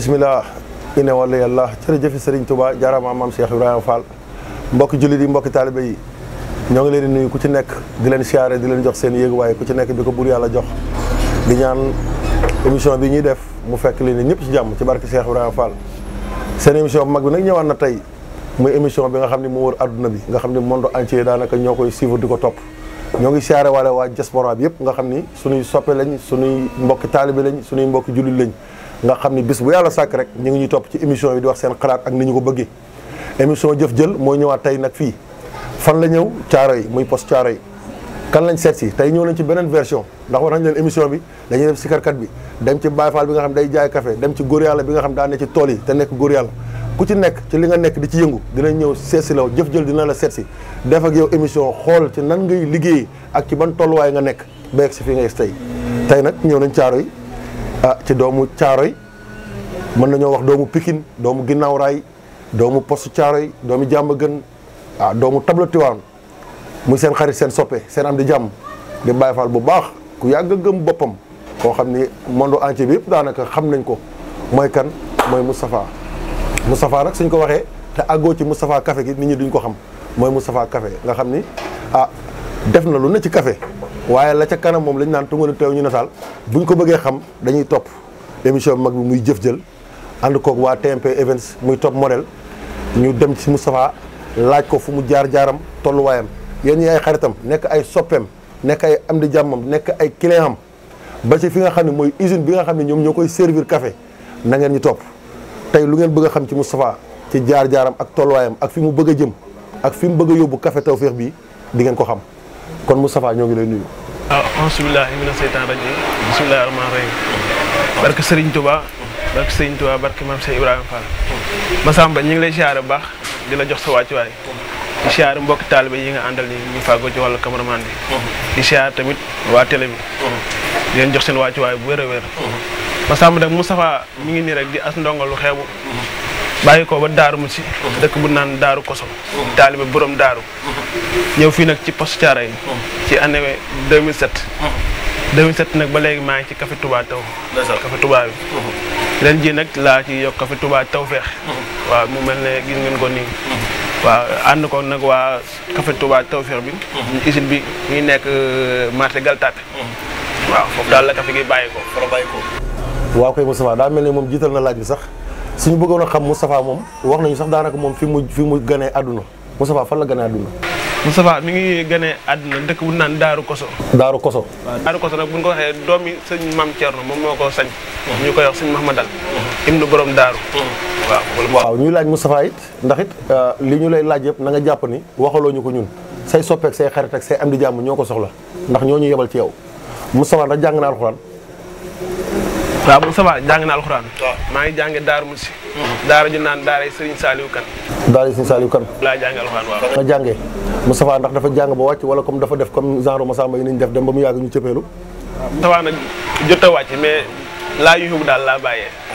bisimilah ine wala yàlla jërëjëf Serigne Touba jaaraama maam Cheikh Ibrahima Fall mbokki jullit yi mbokki taalibe yi ñoo ngi leen nuyu ku ci nekk di leen siyaare di leen jox seen yéeguwaay ku ci nekk bi ko buur yàlla jox di ñaan émission bi ñuy def mu fekk leen ñëpp ci jàmm ci barke Cheikh Ibrahima Fall seen émission bu mag bi nag na tey muy émission bi nga xam ne mu wër adduna bi nga xam ne monde entier daanaka ñoo koy suivre di ko topp ñoo ngi siyaare waale waa diaspora bi yëpp nga xam ni suñuy soppe lañ suñuy mbokki taalibe lañ suñuy mbokki jullit lañ nga xam ni bis bu yàlla sàkk rek ñu ngi ñuy topp ci émission bi di wax seen xalaat ak ni ñu ko bëggee émission jëf jël mooy ñëwaat tey nag fii fan la ñëw caaro yi muy post caaro yi kan lañ seet si tey ñëw nañ ci beneen version ndax war nañ émission bi dañuy dem bi dem ci Baay bi nga xam day jaay café dem ci góor yàlla bi nga xam daa ne ci tool yi te nekk góor ku ci nekk ci li nga nekk di ci yëngu dinañ ñëw seet si law jël dina la seet si def ak yow émission xool ci nan ngay liggéey ak ci ban tolluwaay nga nekk ba yegg nga tey tey nag ñëw nañ caaro yi a ah, ci doomu Caaroy mën nañoo wax doomu pikin doomu Ginnaaw Raay doomu postu Caaroy doomu Jàmbagën ah doomu Tabla Tiwaan muy seen xarit seen soppe seen am di jàmm di Baay Faal bu baax ku yàgg a gëm boppam koo xam ni monde entier bi yëpp daanaka xam nañ ko mooy kan mooy Moustapha Moustapha nag suñ ko waxee te àggoo ci Moustapha kafe gi nit ñi duñ ko xam mooy Moustapha kafe nga xam ni ah def na lu ne ci kafe waaye la ca kanam moom lañu naan tungalu teew ñu nataal ñu ko bëggee xam dañuy topp émission bi mag bi muy jëf jël ànd koog waa TMP Events muy top modèle ñu dem ci Moustapha laaj ko fu mu jaar-jaaram tolluwaayam yéen ñi ay xaritam nekk ay soppeem nekk ay am di jàmmam nekk ay client am ba ci fi nga xam ne mooy usine bi nga xam ne ñoom ñoo koy servir café na ngeen ñu topp tey lu ngeen bëgg xam ci Moustapha ci jaar-jaaram ak tolluwaayam ak fi mu bëgg a jëm ak fi mu bëgg yóbbu café Tawfekh bi di ngeen ko xam kon mustafa ñoo ngi lay nuyu ah bismillahi mina seytan rajim bismillahi rahman rahim barke serigne touba barke serigne touba barke mam sey ibrahim fall ma samba ñi ngi lay ziaré bax dila jox sa waccu way di ziaré mbokk talibé yi nga andal ni ñu fago ci walu cameraman bi di ziaré tamit wa télé bi di len jox seen waccu way bu wërë wër samba nak mustafa mi ngi ni rek di as ndongalu xebu bayiko ba daru mu ci dekk bu nan daru koso talibé borom daru ñëw fii nag ci poste Thiaroye yi oh. ci année 2007 2007 nag ba léegi maa ngi ci café Touba taw café Touba bi oh. ren ji nag laa ci yokk café Touba taw feex waaw mu mel ne gis ngeen ko nii waaw ànd ko nag waa café Touba taw feex bi usine bi ngi nekk euh, marché Galtape waaw foofu daal la café gi bàyyi ko waa la bàyyi koy Moustapha daa mel ne moom jiital na laaj bi sax su bëggoon a xam Moustapha moom wax nañu sax daanaka moom fi mu fi mu ganee àdduna Moustapha fan la gën a àdduna. Moustapha mi ngi gane àdduna dëkk bu naan Daaru Koso. Daaru Koso. waaw Daaru Koso nag bu ñu ko waxee doomi sëñ Maam Thierno moom moo ko sañ. ñu koy wax sëñ Mahmadal. ibnu borom Daaru. waaw waaw ñuy laaj Moustapha it ndax it euh, li ñu lay laaj yëpp na nga jàpp ni waxaloo ñu ko ñun say soppeek say xarit ak say am di jàmm ñoo ko soxla ndax ñoo ñu yebal ci yow Moustapha ndax jàng na alxuraan waaw mu sama jàng na alxuraan. waaw ngi jàngee Daara Moussi. Daara ju salukan. Daara Serigne Saliou Kane. Daara Serigne Saliou Kane. laa jàngee alxuraan dapat nga jàngee Moustapha ndax dafa jàng ba wàcc wala comme dafa def comme genre Massamba yi ni ñu def dem ba mu yàgg ñu cëppeelu. waaw Moustapha nag jot a wàcc mais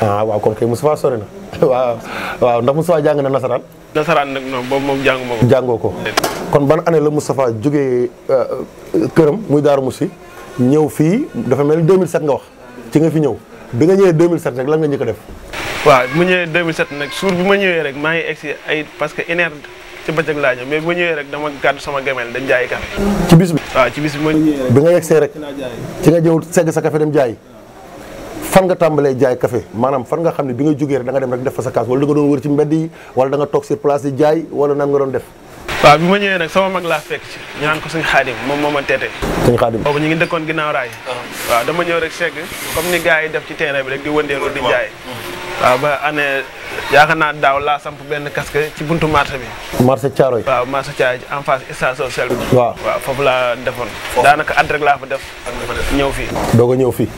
ah kon kay sori na ndax na nasaran nasaran nak non kon ban ane euh, muy musi dafa mel 2007 nga wax ci nga bi nga ñëwee 2007 rek lan nga ñu ko def. waaw mu ñëwee 2007 nag suur bi ma ñëwee rek maa ngi egg si ay parce que une heure ci bëccëg laa ñëw mais bi ma ñëwee rek dama gàddu sama gamel dañ jaay café. ci bis bi waaw bi ma ñëwee rek. bi nga yegsee rek ci nga ñëw segg sa kafe dem jaay fan nga tàmbalee jaay kafe maanaam fan nga xam ne bi nga jógee rek da dem rek def fa sa kaas wala da doon wër ci mbedd yi wala da nga toog sur place di jaay wala nan nga doon def. waaw bi ma ñëwee nag sama mag laa fekk ci ñu naan ko suñ xaadim moom moo a teete suñ xaadim boobu ñu ngi dëkkoon ginnaaw raay ah. waaw dama ñëw rek segg comme ni gars yi def ci terrain bi rek di wëndeelu di jaay mm. waaw ba année yaakaar naa daaw laa samp benn casque ci buntu marché bi. marché Thiaroye. waaw marché Thiaroye en face station sel bi. waaw foofu laa defoon. daanaka at rek laa fa def. ñëw fii. doog a ñëw fii.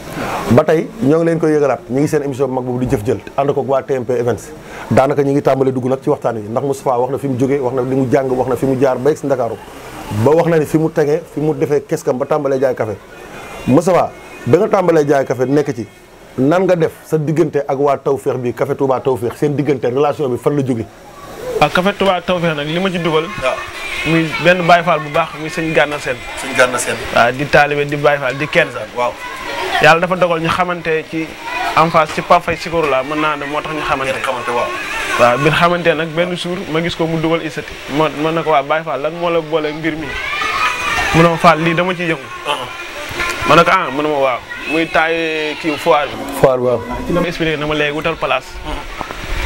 ba tey ñoo ngi leen koy yëgalaat ñu ngi seen émission bu mag boobu di jëf jël ànd ko waa TMP Events daanaka ñu ngi tàmbalee dugg nag ci waxtaan wi ndax Moustapha wax na fi mu jógee wax na li mu jàng wax na fi mu jaar ba yegg si Ndakaaru ba wax na mu tegee fi mu defee keskam ba tàmbalee jaay café Moustapha ba nga tàmbalee jaay café nekk ci nan nga def sa diggante ak waa Tawfekh bi Café Touba Tawfekh seen diggante relation bi fan la jóge waaw ah, Café Touba Tawfekh nag li ma ci dugal muy benn Baye Fall bu baax muy sëñ Gana Sène sëñ Gana Sène di taalibe di Baye Fall di kenn waaw yàlla dafa dogal ñu xamante ci en face ci Pape Faye laa mën naa ne moo tax ñu xamante waaw waaw bir xamante nag benn suur ma gis ko mu dugal isati ma mën na ko waa Baye Fall lan moo la boole mbir mi mu ne ma lii dama ci yëngu uh-huh. manaka ak ah mënuma waaw muy tay ki foire foire waaw ci la expliquer expliqué na ma léegi wutal place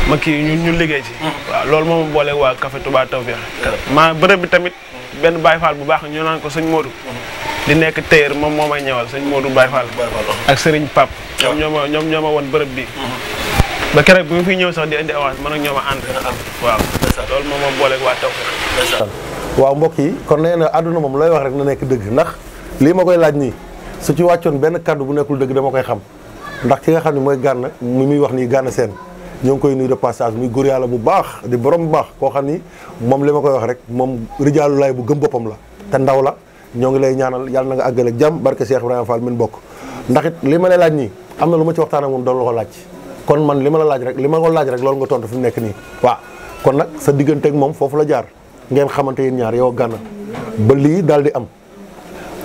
ma ki ñun ñu liggéey ci waaw lool moom boole wa café Touba Tawfiq ma bërëb bi tamit ben Baye Fall bu baax ñu nan ko sëñ Modou di nekk teer mom momay ñewal ñëwal Modou Baye Fall ak Serigne pap ñom ñom ñoma won ñoo bi mhm. ba keroog bu fi ñew sax di indi avance man ak ñoma and waaw lool moom moom boole wa Tawfiq waaw mbokk yi kon neena aduna mom lay wax rek na nekk deug ndax li ma koy laaj ni su ci wàccoon benn kàddu bu nekkul dëgg dama koy xam ndax ki nga xam ne mooy gànn mi muy wax nii gànn seen ñoo ngi koy nuy de passage muy góor yàlla bu baax di borom bu baax koo xam ni moom li ma koy wax rek moom rijaalu bu gëm boppam la te ndaw la ñoo ngi lay ñaanal yàlla na nga àggale ak jàmm barke Cheikh Ibrahima bokk ndax it li ma lay laaj nii am na lu ma ci waxtaan ak doon la ko laaj kon man li ma la laaj rek li ma ko rek loolu nga tontu fi mu nekk nii waaw kon nag sa digganteek moom foofu la jaar ngeen xamante yéen ñaar yow gànn ba lii daal di am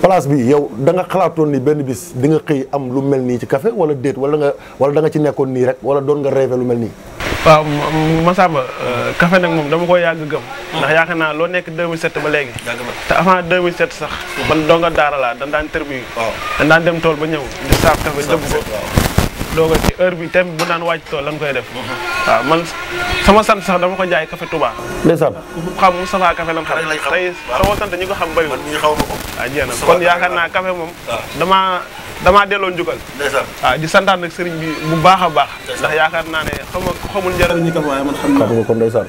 place bi yow danga xalaatoon ni benn bis di nga xëy am lu mel nii ci café wala déet wala nga wala da nga ci nekkoon nii rek wala doon nga rêvé lu mel nii. waaw Massamba euh, café nag moom dama ko yàgg gëm. ndax yaakaar naa loo nekk 2007 ba léegi. te avant 2007 sax. man donga daara laa dañ daan tërbi. waaw dañ daan dem tool ba ñëw. di saaf café jëmm ko. doo ko ci heure bi tam bu daan wàcc tool lan koy def waaw man sama sant sax dama ko jaay café Touba ndeysaan xam Moustapha café lan xam tey sama sant ñi ko xam bëriwul waaw ah, jeex na kon yaakaar naa café moom ah. damaa damaa delloo njukkal waaw ah, di santaan nag sëriñ bi bu baax a baax ndax yaakaar naa ne xama xamul njëriñ ñi kam waaye man xam naa ko ndeysaan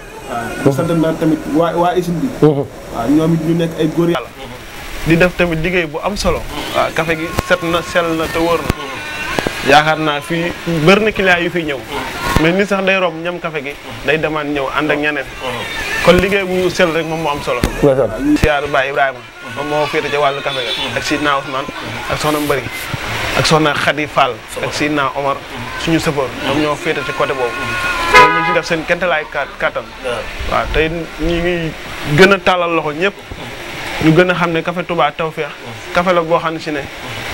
waaw sant naa tamit waa waa usine bi waaw mhm. ñoom it ñu nekk ay góor yàlla di def tamit liggéey bu am solo waaw mhm. café gi set na sell na te wóor na yaakaar naa fii bëri na client yu fi ñëw mais nit sax day romb ñam kafe gi day demande ñëw ànd ak ñeneen kon liggéey bu sel rek moom moo am solo siyaar Baye Ibrahima moom moo féete ca wàllu kafe ga ak Sidna Ousmane ak soxna Mbëri ak soxna Khady Fall ak naa Omar suñu sëfoor moom ñoo féete ci côté boobu loolu ñu ci def seen kentalaay kattan waaw tey ñu ngi gën a tàllal loxo ñëpp ñu gën a xam ne café Touba Tawfekh café la boo xam ne si ne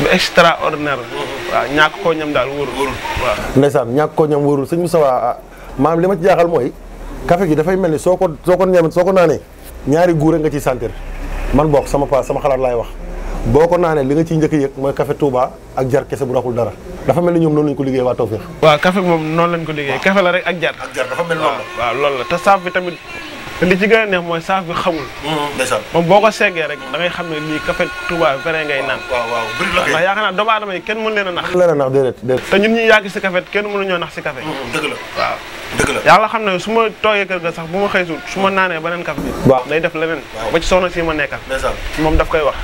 bu extraordinaire la waaw ñàkk koo ñam daal wóorul wóorul waaw ndeysaan ñàkk koo ñam wóorul sëñ Moustapha ah, maanaam li ma jaaxal mooy kafe gi dafay mel ni soo ko soo ko ñam soo ko naanee ñaari guure nga ciy sentir man bokk sama paas sama xalaat laay wax boo ko naanee li nga ciy njëkk a yëg mooy kafe Touba ak jar kese bu raxul dara dafa mel ni ñoom noonu lañ ko liggéey waa Tawfekh waaw café moom noonu lañ ko liggéey café la rek ak jar ak jar dafa mel noonu waaw loolu la te saaf bi tamit te li ci gën a neex mooy saaf bi xamul. Mm-hmm. moom boo ko seggee rek da ngay xam ne lii café Touba vrai ngay naan. waaw waaw bëri la ndax yaakaar naa yi kenn mënu leen a nax. a nax déedéet déedéet. te ñun ñuy yàgg si café kenn ñoo nax si café. Mm-hmm. dëgg la waaw yàlla xam ne su ma toogee kër ga sax bu ma xëysul su ma naanee beneen café bi. waaw day def leneen. ba ci soxna si ma nekkal. moom daf koy wax.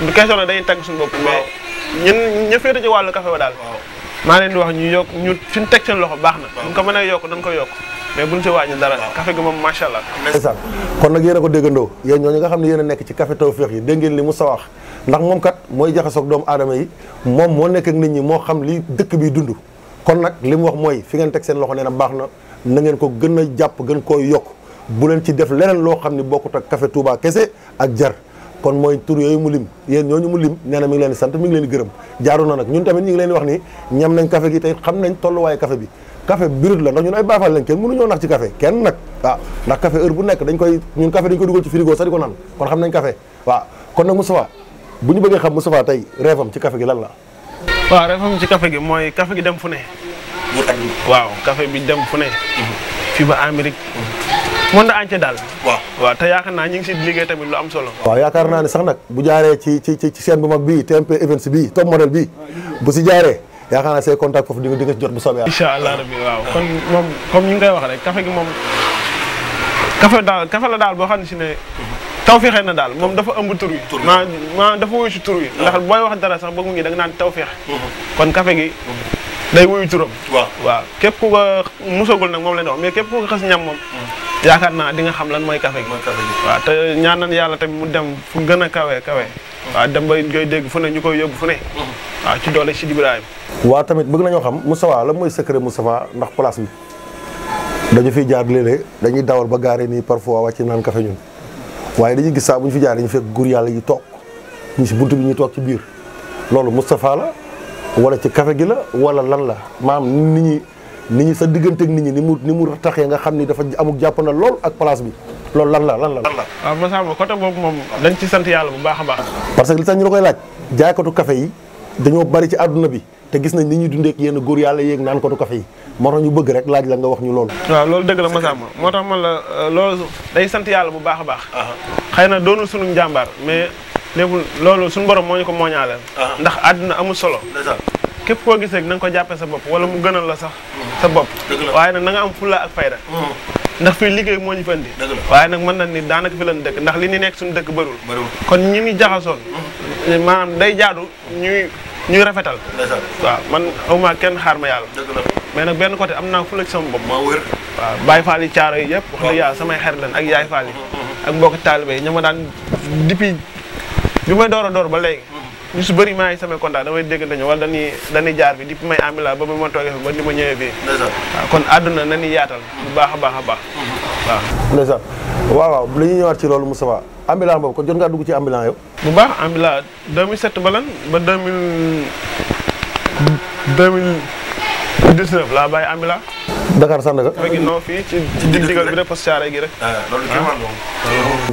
du question la dañuy tagg suñu bopp. waaw mais ñun ña féete ci wàllu café ba daal. maa leen di wax ñu yokk ñu fi ñu teg seen loxo baax na. bu ñu ko mënee yokk ko yokk mais buñ ci wàññi dara café gi moom macha allah. ndeysaan kon nag yéen ko déggandoo yéen ñooñu nga xam ne yéen nekk ci café Tawfekh yi dégg ngeen li mu sawax ndax moom kat mooy jaxasoog doomu aadama yi moom moo nekk nit ñi moo xam li dëkk bi dund kon nag li mu wax mooy fi ngeen teg seen loxo nee na baax na na ngeen ko gën a jàpp gën koo yokk bu leen ci def leneen loo xam ne bokkut ak café Touba kese ak jar kon mooy tur yooyu mu lim yéen ñooñu mu lim nee na ngi leen sant mi ngi leen di gërëm jaaru na nag ñun tamit ñi ngi leen wax ni ñam nañ kafe gi tey xam nañ tolluwaayu café bi café brut la ndax ñun ay baafal lañ kenn mënuñoo nax ci kafe kenn nag waaw ndax café bu nekk dañ koy ñun café dañ koy dugal ci frigo sax di ko naan kon xam nañ café waaw kon nag Moustapha bu ñu bëggee xam Moustapha tey reefam ci kafe gi lan la waaw reefam ci kafe gi mooy kafe gi dem fu ne waaw café bi dem fu ne mhm. fii ba Amérique mhm. monde entier daal waaw waaw te yaakaar naa ñu ngi si liggéey tamit lu am solo waa yaakaar naa ne sax nag bu jaaree ci ci ci seen bu mag bii TMP Events bii top model bi bu si jaaree yaakaar naa say contact foofu di nga di nga jot bu soobee. incha allah rabbi waaw kon moom comme ñu ngi koy wax rek café gi moom café daal café la daal boo xam ne si ne tawféexe na daal moom dafa ëmb tur yi ma ma dafa wuyu si tur yi ah. ndax booy wax dara sax ba mu ngi da nga naan tawféex kon café gi day wuyu turam waaw waaw képp ku ko musagul nag moom la ñu wax mais képp ku ko xas ñam moom yaakaar naa di nga xam lan mooy café gi waaw te ñaan nañ yàlla tamit mu dem fu gën a kawe kawe waaw dem ba ngay dégg fu ne ñu koy yóbbu fu ne. waaw ci doole si Ibrahima. waa tamit bëgg nañoo xam Moustapha la mooy secret Moustapha ndax place bi dañu fiy jaar léeg dañuy dawal ba gaare nii parfois wàcc naan kafe ñun waaye dañuy gis saa bu ñu fi jaar dañu fekk góor yàlla yi toog ñu si bunt bi ñu toog ci biir loolu Moustapha la wala ci kafe gi la wala lan la maam nit ñi nit ñi sa diggante ak nit ñi ni mu ni mu taxee nga xam ni dafa amul jàpp na lool ak place bi loolu lan la lan la. lan la waaw Massamba côté boobu moom dañ ci sant yàlla bu baax a baax. parce que li tax ñu koy laaj jaaykatu café dañoo bari ci àdduna bi te gis nañ ni ñuy dundee ak yenn góor yàlla yéeg naan katu café yi moo tax ñu rek laaj la nga wax ñu loolu. waaw loolu dëgg la Massamba moo tax man la euh, loolu day sant yàlla bu baax a baax. xëy na doonul sunu njàmbaar mais nekkul loolu suñu borom moo ñu ko mooñaaleel. ndax àdduna amul solo. képp koo gis rek na nga ko jàppee sa bopp wala mu gënal la sax sa bopp waaye nag na nga am fulla ak fayda mm-hmm. ndax fii liggéey moo ñu fandi waaye nag mën na ni daanaka fi lan dëkk ndax li ni nekk suñu dëkk bërul kon ñi ni jaxasoon mm-hmm. maanaam day jaadu ñuy ñuy rafetal waaw man awma kenn xaar ma yàlla mais nag benn côté am naa fulla ci sama bopp maa wër waaw Baye Fall yi caaro yi yëpp wax dëgg yàlla samay xer lan ak yaay Fall yi mm-hmm, ak mbokk taalibe yi ña ma daan depuis bi door a door ñu si bëri maay samay contact damay déggante ñu wala dañuy dañuy jaar bi di may amila ba ba ma toogee fi ba di ma ñëwee fii kon àdduna nañu yaatal bu baax a baax a baax waaw ndeysaan waaw lañuy la ñuy ñëwaat ci loolu Moustapha ambulant boobu kon jot ngaa dugg ci ambulant yow bu baax ambulant 2007 ba lan ba 2000 2019 laa bàyyi ambulant Dakar Sandaga fekk non fii ci ci diggal bi rek parce que caare gi rek ah,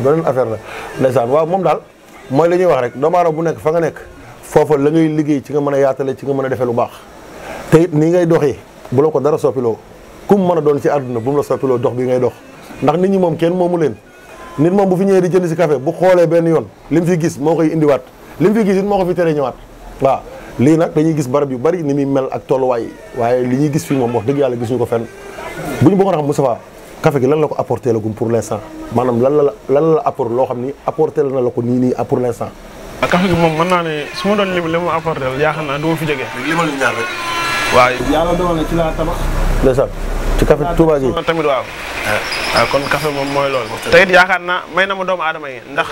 beneen affaire la ndeysaan waaw moom daal mooy la ñuy wax rek doomu bu nekk fa nga nekk foofa la ngay liggéey ci nga mën a yaatale ci nga mën a defee lu baax te it nii ngay doxee bu la ko dara soppiloo kum mën a doon ci àdduna bu mu la soppiloo dox bi ngay dox ndax nit ñi moom kenn moomu leen nit moom bu fi ñëwee di jënd si kafe bu xoolee benn yoon li mu fi gis moo koy indiwaat li mu fi gis it moo ko fi teree ñëwaat waaw lii nag dañuy gis barab yu bari ni muy mel ak tolluwaay waaye li ñuy gis fii moom wax dëgg yàlla gis ko fenn bu ñu bëggoon a xam Moustapha café gi lan la ko apporter lagum pour l'instant manam lan la lan la apport lo xamni apporter na la ko ni ni pour l'instant ah, café gi mom man na ne suma don lim limu apporter ya xana do fi jégué limal ñaar rek way yalla do na ci la tabax le sa ci café touba gi tamit waaw eh, ah, kon café mom moy lool tayit ya xana may na mo doom adama yi ndax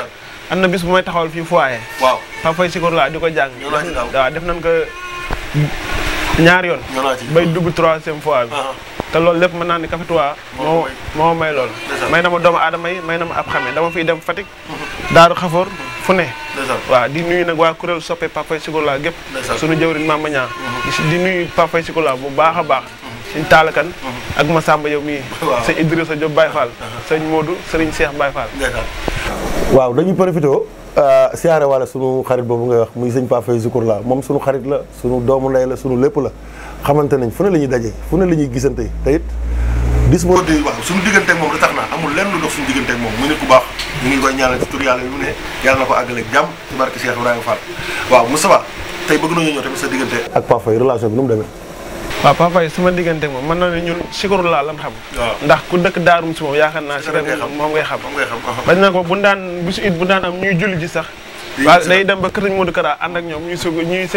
amna bis bu may taxawal fi foyer waaw fa fay sikor la diko jang da def nan ko ñaar yoon bay dugg 3e fois te loolu lépp mën naa ni Café Touba moo moo may lool may na ma doomu adama yi may na ma ab xamee dama fiy dem Fatick mhm. daar xafoor fu ne waaw di nuyu nag waa kuréel soppe Papay Sikola gépp suñu jëwriñ Mama Ñaa mhm. di nuyu Papay Sikola bu baax a baax mhm. sëñ taalakan ak ma Masamba yow mii sëñ Idrissa Diop Baye Fall sëñ Modou sëriñ Cheikh Baye Fall waaw dañuy profité euh, siyaare wala sunu xarit boobu ngay wax muy sëñ Papay Sikola moom sunu xarit la sunu doomu ndey la sunu lépp la xamante nañ fu ne la ñuy dajee fu ne la ñuy gisante te it dis boo di wax suñu diggante moom da tax na amul lenn lu dox suñu diggante ak moom mu nit ku baax ñu ngi koy ñaanal ci tur yàlla yi mu ne yàlla na ko tey bëgg nañu ñëw tamit sa diggante ak Pape Faye relation bi nu mu demee waaw Pape suma diggante moom mën na ne ñun sikaru laa lan xam ndax ku dëkk daarum si moom yaakaar naa si moom ngay xam bañ na ko bu daan bisu it bu daan am ñuy julli sax waaw day dem ba kër sëñ Modou Kara ànd ak ñoom ñuy ñuy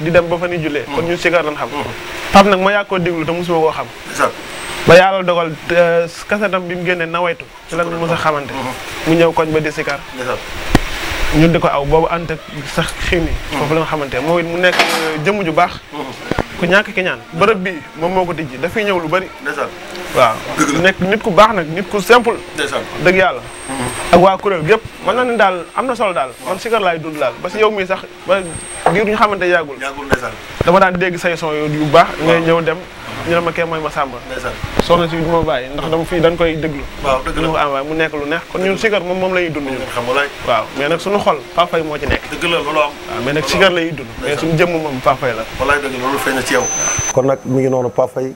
di dem ba fa ni jullee kon ñun sikar lan xam mm. mm. Pape nag ma yaa koo déglu te mosuma koo xam ba yàlla dogal euh, kasetam bi mu génnee nawaytu ci lan mos a xamante mm-hmm. mu ñëw koñ ba di sikar ñun di ko aw boobu ànd ak sax xiin yi mm. foofu lañ xamante moo mu nekk euh, jëmm ju baax mm-hmm. ku ñàkk ki ñaan bërëb bii moom moo ko tijji dafay ñëw lu waaw nekk nit ku baax nag nit ku simple dëgg yàlla mm-hmm. ak waa kuréel gépp man na ne daal am na solo daal man si kër laay dund daal ba si yow mii sax ba ngir ñu xamante yàggul dama daan dégg say son yu baax ngay ñëw dem ñu ne ma kee mooy ma sàmba soxna si du bàyyi ndax dama fii dañ koy déglu ñu ko envoyé mu nekk lu neex kon ñun sikar moom moom la ñuy dund ñun waaw mais nag suñu xol Fafay moo ci nekk dëgg la loolu am waaw mais nag sikar la ñuy dund mais suñu jëmm moom Fafay la loolu feeñ na kon nag mi ngi noonu Fafay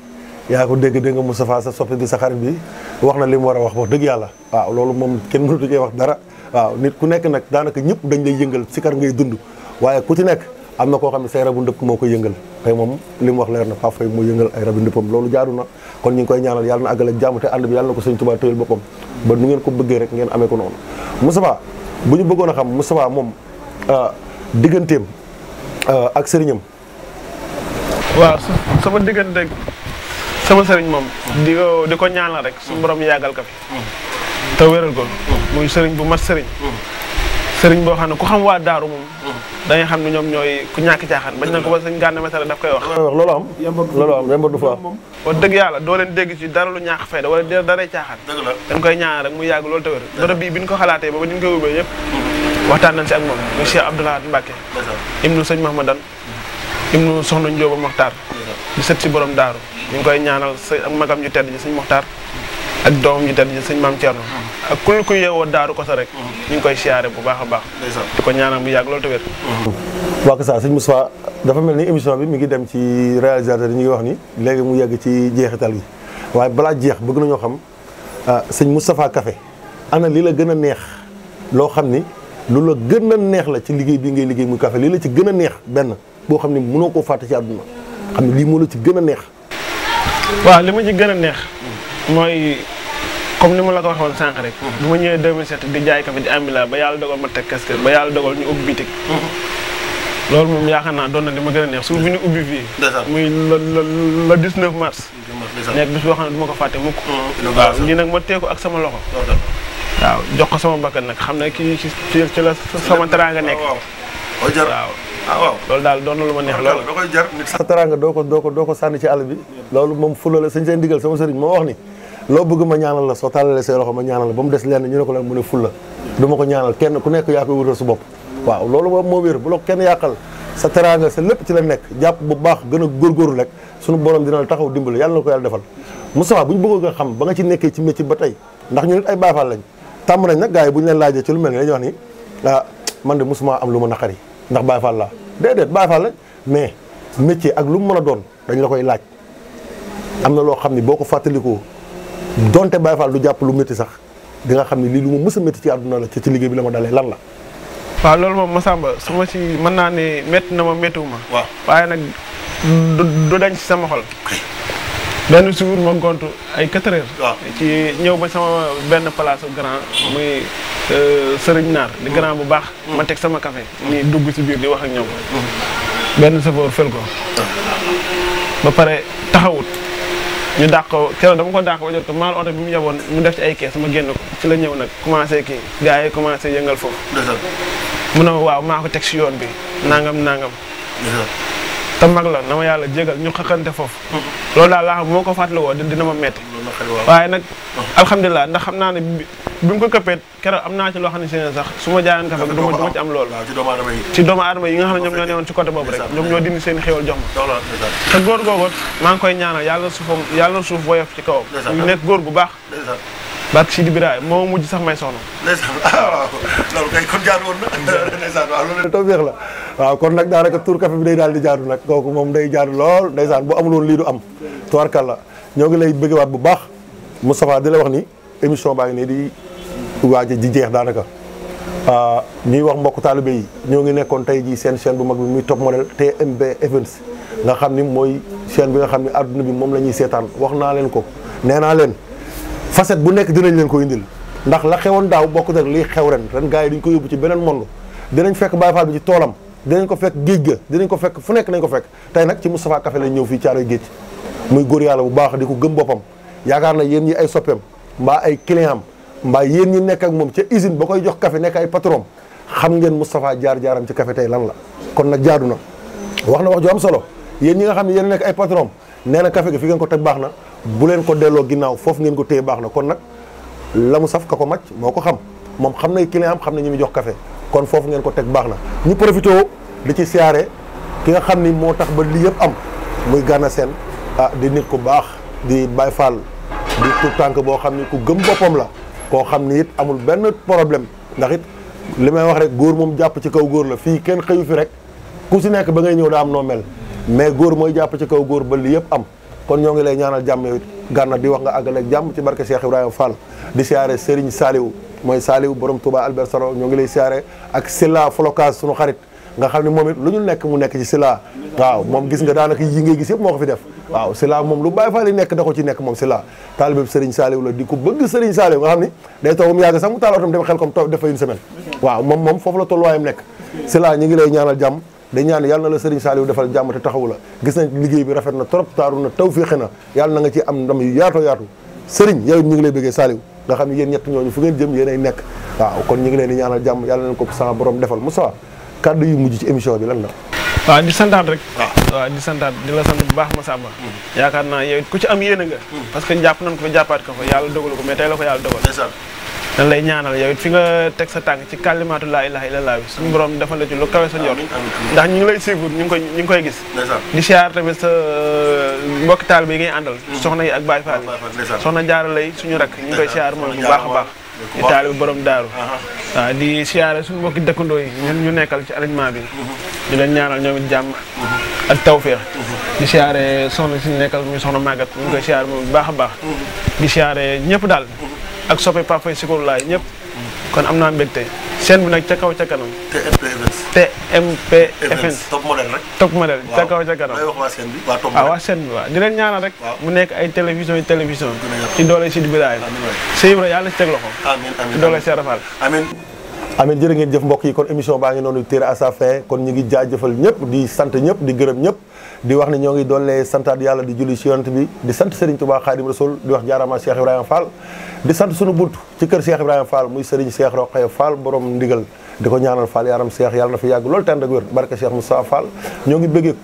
yaa ko dégg dégg nga sa soppi bi sa xarit bi wax na li mu war a wax wax dëgg yàlla waaw loolu moom kenn mënatu cee wax dara waaw nit ku nekk nag daanaka ñëpp dañ lay yëngal si kar ngay dund waaye ku ci nekk am na koo xam ne say rabu ndëpp moo koy yëngal tey moom li mu wax leer na Pape Faye moo yëngal ay rabu ndëppam loolu jaadu na kon ñu ngi koy ñaanal yàlla na àggale jàmm te ànd bi yàlla na ko sëñ Tuubaa tëyal boppam ba nu ngeen ko bëggee rek ngeen bu ñu bëggoon a xam Moustapha moom euh, digganteem euh, ak sëriñam sama sering mom, di ko di ko ñaanal rek sun borom yagal ko fi taw wéral ko muy sëriñ bu mat sëriñ sëriñ bo xamne ku xam wa daaru mom da nga xam ne ñoom ñooy ku ñàkk caaxaan bañ na ko ba sëñ gànn mesara daf koy wax loolu am loolu am yembat du fa wa deug yalla do leen dégg ci dara lu ñaax da wala dara daray caaxaan dañ koy ñaan rek mu yag loolu taw wér borom bi biñ ko xalaatee ba ba ñu koy ubbee waxtaan nañ si ak mom monsieur Abdoulaye Mbacke ibnu sëñ Mahamadan ibnu soxna Njóoba Moxtaar di sët si borom daaru ñu ngi koy ñaanal ak magam ju tedd ji sëñ Moxtaar ak doomam ju tedd ji sëñ Maam Cerno ak kul ku yeewoo daaru ko sa rek ñu ngi koy siyaare bu baax a baax di ko ñaanal bu yàgg loolu te wér waa Kassar sëñ Moussa dafa mel ni émission bi mi ngi dem ci réalisateur yi ñu wax ni léegi mu yegg ci jeexital bi waaye balaa jeex bëgg nañoo xam ah, sëñ Moustapha Café ana lii la gën a neex loo xam ni lu la gën a neex la ci liggéey bi ngay liggéey mu kafe lii la ci gën a neex benn boo xam ne mënoo koo fàtte ci àdduna xam ne lii moo la ci gën a neex. waaw li ma ci gën a neex. mooy comme ni ma la ko waxoon sànq rek. Mm-hmm. bu ma ñëwee 2007 di jaay café di Amila ba ba yàlla dogal ñu ubbi mm-hmm. loolu moom yaakaar naa doon na li ma gën a neex suuf bi ñu ubbi fii. muy le le le 19 mars. nekk bis boo xam ne du ko fàtte mukk. Mm-hmm. waaw ma teeku ak sama loxo. waaw jox ko sama mbakkan nag xam ne kii ci ci la sama teraanga nekk. waaw ah waaw loolu daal doon na lu ma neex loolu da koy jar nit sa teraanga doo ko doo ko doo ko sànni ci àll bi loolu moom fula la sëñ seen digal sama sëriñ moo wax ni loo bëgg ma ñaanal la soo tàllalee say loxo ma ñaanal la ba mu des lenn ñu ne ko lan mu ne fulla du ma ko ñaanal kenn ku nekk yaa koy wutal su bopp waaw loolu moom moo wér bu la kenn yàqal sa teraanga sa lépp ci la nekk jàpp bu baax gën a góorgóorlu rek suñu borom dina la taxaw dimbali yàlla ko yàlla defal Moustapha bu ñu nga xam ba nga ci nekkee ci métier ba tey ndax ñu nit ay baafal lañ tàmm nañ nag gars yi leen laajee ci lu mel ni wax ni ah man de mosuma am lu ma ndax Baye Fall laa déedéet Baye Fall mais métier ak lu mu a doon dañ la koy laaj am na loo xam ne boo ko fàttalikoo doonte Baye Fall du jàpp lu métti sax di nga xam ni lii lu ma mësa a ci àdduna la ci ci liggéey bi la ma dalee lan la. waaw loolu moom Massamba su ma si mën naa ne métti na ma méttiwu ma. waaw waaye nag du dañ si sama xol. benn suur ma gontu ay 4 heures. ci ñëw ba sama benn place grand muy euh, sëriñ naar di grand bu baax. Mm. ma teg sama café ni mm. dugg si biir di wax ak ñëw mm. benn safoor fël ko. ba pare taxawut. ñu dàq ko keroog dama ko dàq ba jot ko maal oto bi mu yeboon mu def ci ay kees ma génn ko ci la ñëw nag commencé kii gars yi commencé yëngal foofu. mu ne waaw maa ko teg si yoon bi nangam nangam. tam mag la na ma yàlla jégal ñu xaqante foofu loolu daal laa xam moo ko fàttali woo dina ma metti waaye nag alhamdulilah ndax xam naa ne bi mu ko këppee keroog am naa ci loo xam ne seen sax su ma jaayaan kafe am doomu aadama yi nga xam ne ñoom ñoo newoon ci côté boobu rek ñoom ñoo dindi seen xéwal jox ma te góor googu maa ngi koy ñaanal yàlla suufam yàlla suuf woyof ci kawam nekk góor gu baax barke Sidi Biraay moo mujj sax may soxna. ndeysaan waaw loolu kon la waaw kon nag daanaka tur café bi day daal di jaadu nag kooku moom day jaadu lool ndeysaan bu amul woon lii du am. tubarkalla ñoo ngi lay bëggewaat bu baax Moustapha di la wax ni émission baa ngi nii di waaj di jeex daanaka ah, ñuy wax mbokk taalibe yi ñoo ngi nekkoon tey jii seen chaîne bu mag bi muy top model te Events nga xam ni mooy chaîne bi nga xam ni adduna bi moom la ñuy seetaan wax naa leen ko nee naa leen. facette bu nekk dinañ leen ko indil ndax la xewoon daaw bokkut ak lii xew ren ren gars yi duñ ko yóbbu ci beneen monde dinañ fekk Baye Fall bi ci toolam dinañ ko fekk géej ga dinañ ko fekk fu nekk nañ ko fekk tey nag ci Moustapha Café lañ ñëw fii Caaroy géej muy góor yàlla bu baax di ko gëm boppam yaakaar na yéen ñi ay soppeem mbaa ay client am mbaa yéen ñi nekk ak moom ca usine ba koy jox kafe nekk ay patron xam ngeen Moustapha jaar-jaaram ci kafe tey lan la kon nag jaadu na wax na wax ju am solo yéen yi nga xam ne yen nekk ay patron nee na café gi fi ngeen ko teg baax na bu leen ko delloo ginnaaw foofu ngeen ko téye baax na kon nag la mu saf ka ko mac moo ko xam moom xam na client am xam ne ñu mu jox kafe kon foofu ngeen ko teg baax na ñu profité di ci siyaare ki nga xam ni moo tax ba li yëpp am muy Gana seen ah di nit ku baax di Baye Fall di ku tànk boo xam ni ku gëm boppam la koo xam ni it amul benn problème ndax it li may wax rek góor moom jàpp ci kaw góor la fii kenn xëyu fi rek ku si nekk ba ngay ñëw daa am noo mel mais góor mooy jàpp ci kaw góor ba li yëpp am kon ñoo ngi lay ñaanal jàmm yow gànna di wax nga àggale jàmm ci barke Cheikh Ibrahima Fall di siyaare Serigne Saliou mooy Saliou borom Touba Albert Soro ñoo ngi lay siyaare ak Silla Flocage sunu xarit nga xam ne moom it lu ñu nekk mu nekk ci Silla waaw moom gis nga daanaka yi ngay gis yëpp moo ko fi def waaw Silla moom lu Baay Faal yi nekk da ci nekk moom Silla taalibe Serigne Saliou la di ko bëgg Serigne Saliou nga xam ne day toog mu yàgg sax mu taal otam dem xel comme toog def fa une semaine ñu ngi lay ñaanal jàmm dañ ñaan yàlla na la Serigne Saliou defal jàmm te taxawu la gis nañ liggéey bi rafet na trop taaru na taw féexe na nga yaatu Serigne ñu ngi lay bëggee Saliou nga xam ne yéen ñett ñooñu fu ngeen jëm yéen ay nekk waaw kon ñu ngi leen di ñaanal jàmm yàlla nañ ko sama borom defal Moussa kàddu yu mujj ci émission bi lan la waaw di santaat rek waaw di santaat di la sant bu baax Massamba mm-hmm. yaakaar naa yow ku ci am yéene nga mm-hmm. parce que jàpp nañ ko fa jàppaat ko fa yàlla dogalu ko mais tey la ko yàlla dogal dañ lay ñaanal yow it fi nga teg sa tànk ci kalimatu laa ilaha illallah bi suñu borom defal la ci lu kawe sa njort ndax ñu ngi lay suivre ñu ngi koy ñu ngi koy gis di siyaar tamit sa mbokki taal bi ngay àndal hmm. soxna yi ak baay faal soxna jaara lay suñu rak ñu ngi koy siyaar mooy bu baax a baax di taalib borom daaru di siyaare suñu mbokki yi ñun ñu nekkal ci bi di leen ñaanal ñoom mhm. ak di soxna nekkal soxna ñu koy bu baax baax di ak soppe papa Sikor laay ñëpp. kon am naa mbégte chaîne bi nag ca kaw ca kanam. TMPFS. TMPFS top modèle rek. top modèle ca kaw ca kanam. waaw wax waa chaîne ah, bi waaw di leen ñaanal rek. mu nekk ay télévision yi télévision. ci doole si bilaay. amiin waay yàlla si teg loxo. amiin amiin ci doole si rafal amiin. ngeen jëf mbokk yi kon émission baa ngi noonu téere à sa fin kon ñu ngi jaajëfal ñëpp di sant ñëpp di gërëm ñëpp. di wax ni ñogi dolé doole santaat di julli ci yonent bi di sante Serigne Touba Khadim Rasoul di wax jaarama Cheikh ibrahim Fall di sante sunu buntu ci kër Cheikh ibrahim Fall muy Serigne Cheikh roqay Fall borom ndigal di ñaanal Fall yaram Cheikh yalla na fi yag lol tan ak wér barke Cheikh Moussa Fall ñogi bëggé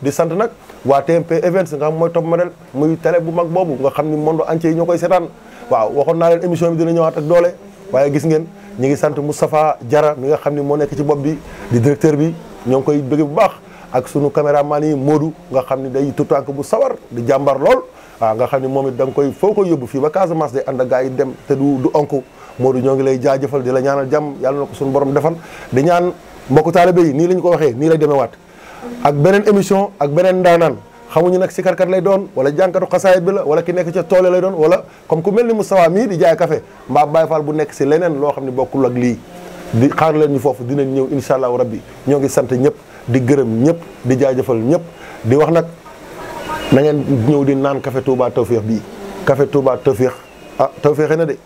di sante nak wa TMP Events nga moy top model muy télé bu mag bobu nga xamni ni monde entier yi ñoo koy seetaan waaw waxoon naa leen émission bi dina ñëwaat ak doole waye gis ngeen ñi ngi sante Moustapha jara mi nga xamni mo ci bop bi di directeur bi ñong koy bëgg bu baax ak sunu caméraman yi Modou nga xam ni day tutànk bu sawar di jàmbar lool waaw ah, nga xam ni moom it da koy foo ko yóbbu fii ba Casamance day ànd ak yi dem te du du onk ñoo ngi lay jaajëfal di la ñaanal jàmm yàlla ko suñu borom defal di ñaan mbokku taalibe yi nii la ñu ko waxee nii lay demewaat ak beneen émission ak beneen ndaanaan xamuñu nag sikarkat lay doon wala jànkatu xasaayit bi la wala ki nekk ca toole lay doon wala comme ku mel ni Moustapha mii di jaay kafe mbaa Baye Fall bu nekk si leneen loo xam ne bokkul ak lii di xaar leen ñu foofu dinañ ñëw incha allahu rabbi ñoo ngi sant ñëpp di gërëm ñëpp di jaajëfal ñëpp di wax nag na ngeen ñëw di naan café Touba Tawféex bii café Touba Tawféex ah Tawféex na de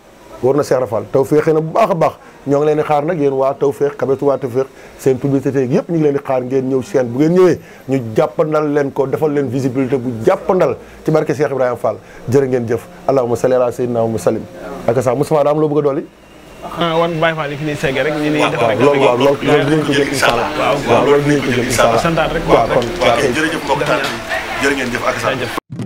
war na Cheikh Fall Tawféex na bu a baax ñoo ngi leen xaar nag yéen waa Tawféex café Touba Tawféex seen publicité yëpp ñu ngi leen di xaar ngeen ñëw seen bu ngeen ñëwee ñu jàppandal leen ko defal leen visibilité bu jàppandal ci barke Cheikh Ibrahima Fall jërë ngeen jëf allahumma salli ala sayyidina wa sallim ak sax Moustapha daa am loo bëgg a xanaa ah, wan Baye Fall yi fi ñuy segg rek ñu nii def rek loolu waaw loolu loolu dinañ ko jël incha allah waaw loolu dinañ ko jël incha allah santaat rek waaw kon jërëjëf mbokk taal bi jërë ngeen jëf ak sant